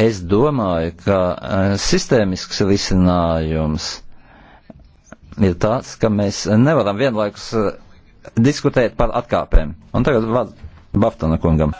Es domāju, ka eh, sistēmisks risinājums ir tāds, ka mēs nevaram vienlaikus eh, diskutēt par atkāpēm. Un tagad vārds Baftona kungam.